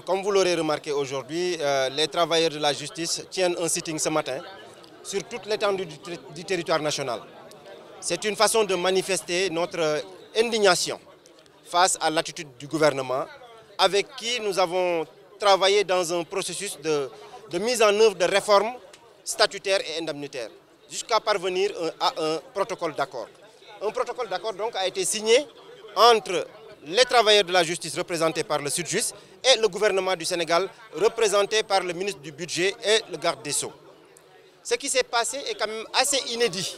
comme vous l'aurez remarqué aujourd'hui, euh, les travailleurs de la justice tiennent un sitting ce matin sur toute l'étendue du, territoire national. C'est une façon de manifester notre indignation face à l'attitude du gouvernement avec qui nous avons travaillé dans un processus de, mise en œuvre de réformes statutaires et indemnitaires jusqu'à parvenir à un protocole d'accord. Un protocole d'accord donc a été signé entre les travailleurs de la justice représentés par le Sud-Juice et le gouvernement du Sénégal représenté par le ministre du Budget et le garde des Sceaux. Ce qui s'est passé est quand même assez inédit,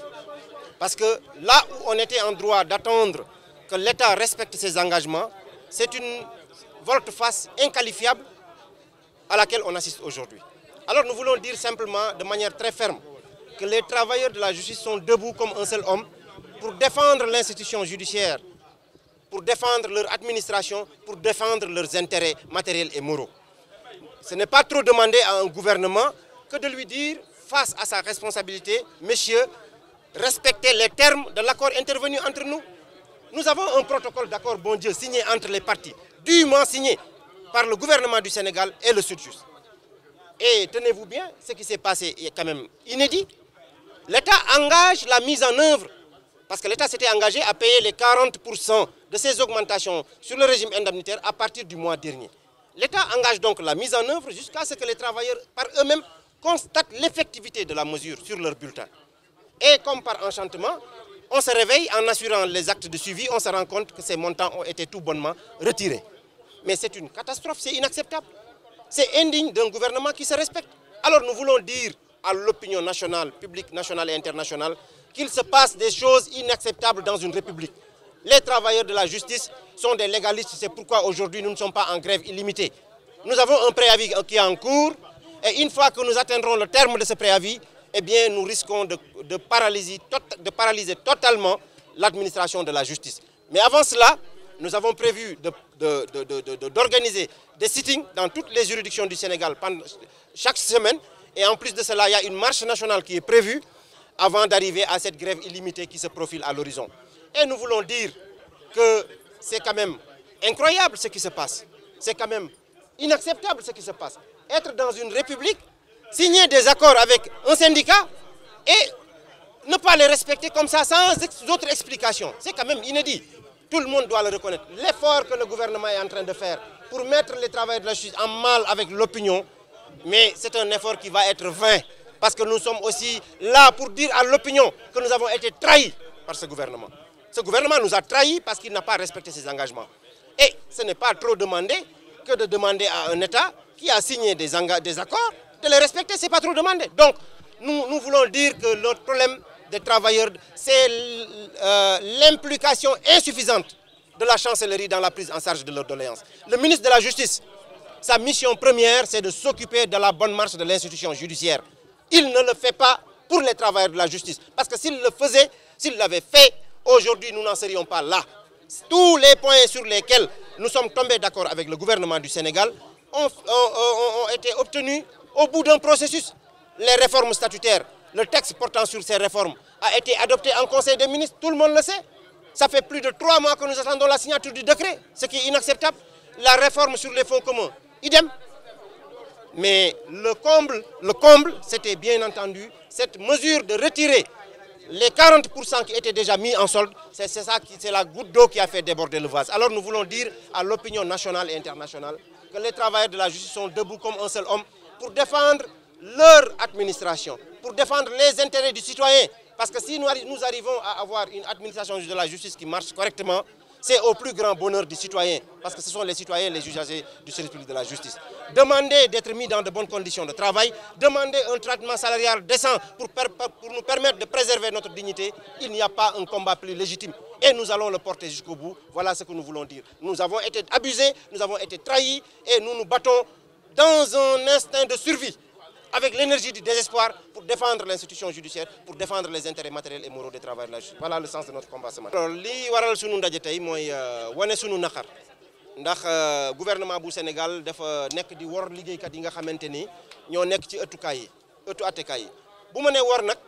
parce que là où on était en droit d'attendre que l'État respecte ses engagements, c'est une volte-face inqualifiable à laquelle on assiste aujourd'hui. Alors nous voulons dire simplement, de manière très ferme, que les travailleurs de la justice sont debout comme un seul homme pour défendre l'institution judiciaire pour défendre leur administration, pour défendre leurs intérêts matériels et moraux. Ce n'est pas trop demander à un gouvernement que de lui dire, face à sa responsabilité, messieurs, respectez les termes de l'accord intervenu entre nous. Nous avons un protocole d'accord, bon Dieu, signé entre les partis, dûment signé par le gouvernement du Sénégal et le sud Et tenez-vous bien, ce qui s'est passé est quand même inédit. L'État engage la mise en œuvre, parce que l'État s'était engagé à payer les 40% de ces augmentations sur le régime indemnitaire à partir du mois dernier. L'État engage donc la mise en œuvre jusqu'à ce que les travailleurs par eux-mêmes constatent l'effectivité de la mesure sur leur bulletin. Et comme par enchantement, on se réveille en assurant les actes de suivi, on se rend compte que ces montants ont été tout bonnement retirés. Mais c'est une catastrophe, c'est inacceptable. C'est indigne d'un gouvernement qui se respecte. Alors nous voulons dire à l'opinion nationale, publique, nationale et internationale, qu'il se passe des choses inacceptables dans une république. Les travailleurs de la justice sont des légalistes, c'est pourquoi aujourd'hui nous ne sommes pas en grève illimitée. Nous avons un préavis qui est en cours et une fois que nous atteindrons le terme de ce préavis, eh bien nous risquons de, paralyser, totalement l'administration de la justice. Mais avant cela, nous avons prévu d'organiser des sittings dans toutes les juridictions du Sénégal chaque semaine. Et en plus de cela, il y a une marche nationale qui est prévue avant d'arriver à cette grève illimitée qui se profile à l'horizon. Et nous voulons dire que c'est quand même incroyable ce qui se passe. C'est quand même inacceptable ce qui se passe. Être dans une république, signer des accords avec un syndicat et ne pas les respecter comme ça sans autre explication, c'est quand même inédit. Tout le monde doit le reconnaître. L'effort que le gouvernement est en train de faire pour mettre les travailleurs de la justice en mal avec l'opinion, mais c'est un effort qui va être vain parce que nous sommes aussi là pour dire à l'opinion que nous avons été trahis par ce gouvernement. Ce gouvernement nous a trahis parce qu'il n'a pas respecté ses engagements. Et ce n'est pas trop demandé que de demander à un État qui a signé des, accords de les respecter. Ce n'est pas trop demandé. Donc, nous, voulons dire que le problème des travailleurs, c'est euh, l'implication insuffisante de la chancellerie dans la prise en charge de leur doléance. Le ministre de la Justice, sa mission première, c'est de s'occuper de la bonne marche de l'institution judiciaire. Il ne le fait pas pour les travailleurs de la justice. Parce que s'il le faisait, s'il l'avait fait, Aujourd'hui, nous n'en serions pas là. Tous les points sur lesquels nous sommes tombés d'accord avec le gouvernement du Sénégal ont, été obtenus au bout d'un processus. Les réformes statutaires, le texte portant sur ces réformes a été adopté en Conseil des ministres, tout le monde le sait. Ça fait plus de trois mois que nous attendons la signature du décret, ce qui est inacceptable. La réforme sur les fonds communs, idem. Mais le comble, le comble, c'était bien entendu cette mesure de retirer les 40% qui étaient déjà mis en solde, c'est ça qui c'est la goutte d'eau qui a fait déborder le vase. Alors nous voulons dire à l'opinion nationale et internationale que les travailleurs de la justice sont debout comme un seul homme pour défendre leur administration, pour défendre les intérêts du citoyen. Parce que si nous arrivons à avoir une administration de la justice qui marche correctement, c'est au plus grand bonheur des citoyens, parce que ce sont les citoyens les usagers du service public de la justice. Demander d'être mis dans de bonnes conditions de travail, demander un traitement salarial décent pour, pour nous permettre de préserver notre dignité, il n'y a pas un combat plus légitime. Et nous allons le porter jusqu'au bout. Voilà ce que nous voulons dire. Nous avons été abusés, nous avons été trahis et nous nous battons dans un instinct de survie avec l'énergie du désespoir pour défendre l'institution judiciaire, pour défendre les intérêts matériels et moraux des travailleurs de la justice. Voilà le sens de notre combat ce matin. Alors, li waral sunu ndaje tey mooy euh, wane sunu naqar ndax euh, gouvernement bu Sénégal dafa nekk di wor liggéeykat yi nga xamante ni ñoo nekk ci ëttukaay yi ëttu attekaay yi bu ma nee wor nag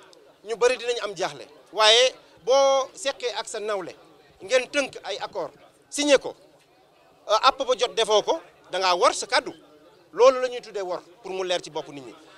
ñu bëri dinañ am jaaxle waaye boo seqee ak sa nawle ngeen tënk ay accord signé ko avez euh, ba jot defoo ko da ngaa wor sa kàddu loolu la ñuy wor pour mu leer ci bopp nit ñi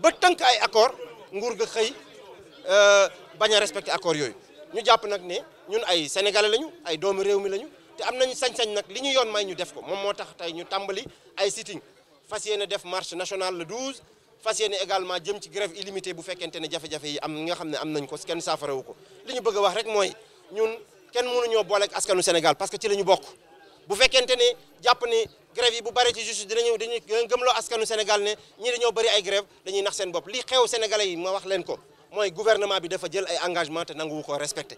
ba tënk ay accord nguur ga xëy euh, bañ a respecté yooyu ñu jàpp nag ne ñun ay sénégalais lañu ay doomu réew mi lañu te am nañu sañ-sañ nag li ñu yoon may ñu def ko moom moo tax tey ñu tàmbali ay sitting fas yéene def marche nationale le 12 fas yéene également jëm ci grève illimité bu fekkente ne jafe-jafe yi am nga xam ne am nañ ko kenn saafarawu ko li ñu bëgg a wax rek mooy ñun kenn mënuñoo booleeg askanu Sénégal parce que ci la ñu bokk. bu fekkente ni jàpp ni grève yi bu bare ci justice dina ñëw dañuy gëmloo askanu Sénégal ne ñi dañoo bëri ay grève dañuy nax seen bopp li xew sénégalais yi ma wax leen ko mooy gouvernement bi dafa jël ay engagement te nanguwu ko respecté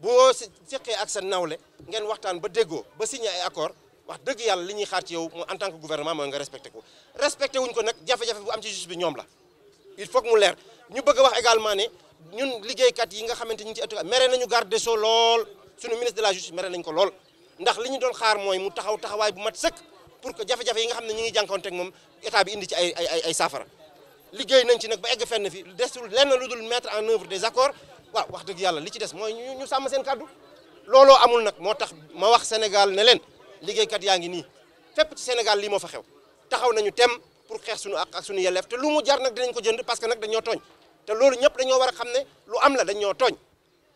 boo seqee ak sa nawle ngeen waxtaan ba déggoo ba signé ay accord wax dëgg yàlla li ñuy xaar ci yow en tant que gouvernement mooy nga respecté ko respecté wuñ ko nag jafe-jafe bu am ci justice bi ñoom la il faut mu leer ñu bëgg wax également ne ñun liggéeykat yi nga xamante ñu ngi ci mere nañu garde des sceaux lool suñu de la justice nañ ko lool ndax li ñu doon xaar mooy mu taxaw taxawaay bu mat sëkk pour que jafe-jafe yi nga xam ne ñu ngi jànkoonte ak moom état bi indi ci ay saafara liggéey nañ ci nag ba egg fenn fi desul lenn lu dul mettre en œuvre des accords waaw wax dëgg yàlla li ci des mooy ñu ñu sàmm seen kàddu looloo amul nag moo tax ma wax Sénégal ne leen liggéeykat yaa ngi nii fépp ci Sénégal lii moo fa xew taxaw nañu tem pour xeex suñu ak ak suñu yelleef te lu mu jar nag dinañ ko jënd parce que nag dañoo tooñ te loolu ñëpp dañoo war a xam ne lu am la dañoo tooñ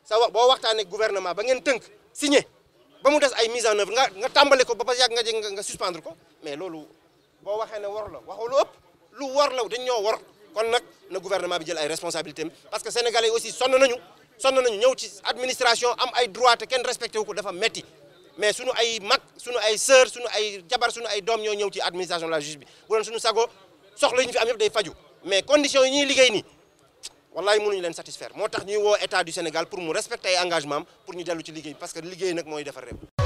sa boo waxtaanee gouvernement ba ngeen tënk signé ba mu des ay mise en œuvre nga nga tàmbale ko ba ba yàgg nga jég nga suspendre ko mais loolu boo waxee ne war la waxoo lu ëpp lu war dañ ñoo war kon nag na gouvernement bi jël ay responsabilités parce que sénégalais yi aussi sonn nañu sonn nañu ñëw ci administration am ay droit te kenn respecté ko dafa metti mais suñu ay mag suñu ay sœur suñu ay jabar suñu ay doom ñoo ñëw ci administration de la justice bi bu doon suñu sago soxla yi ñu fi am yëpp day faju mais conditions yi ñuy liggéey nii wallaay mënuñu leen satisfaire moo tax ñuy woo état du Sénégal pour mu respecter ay engagement pour ñu dellu ci liggéey parce que liggéey nag mooy defar réew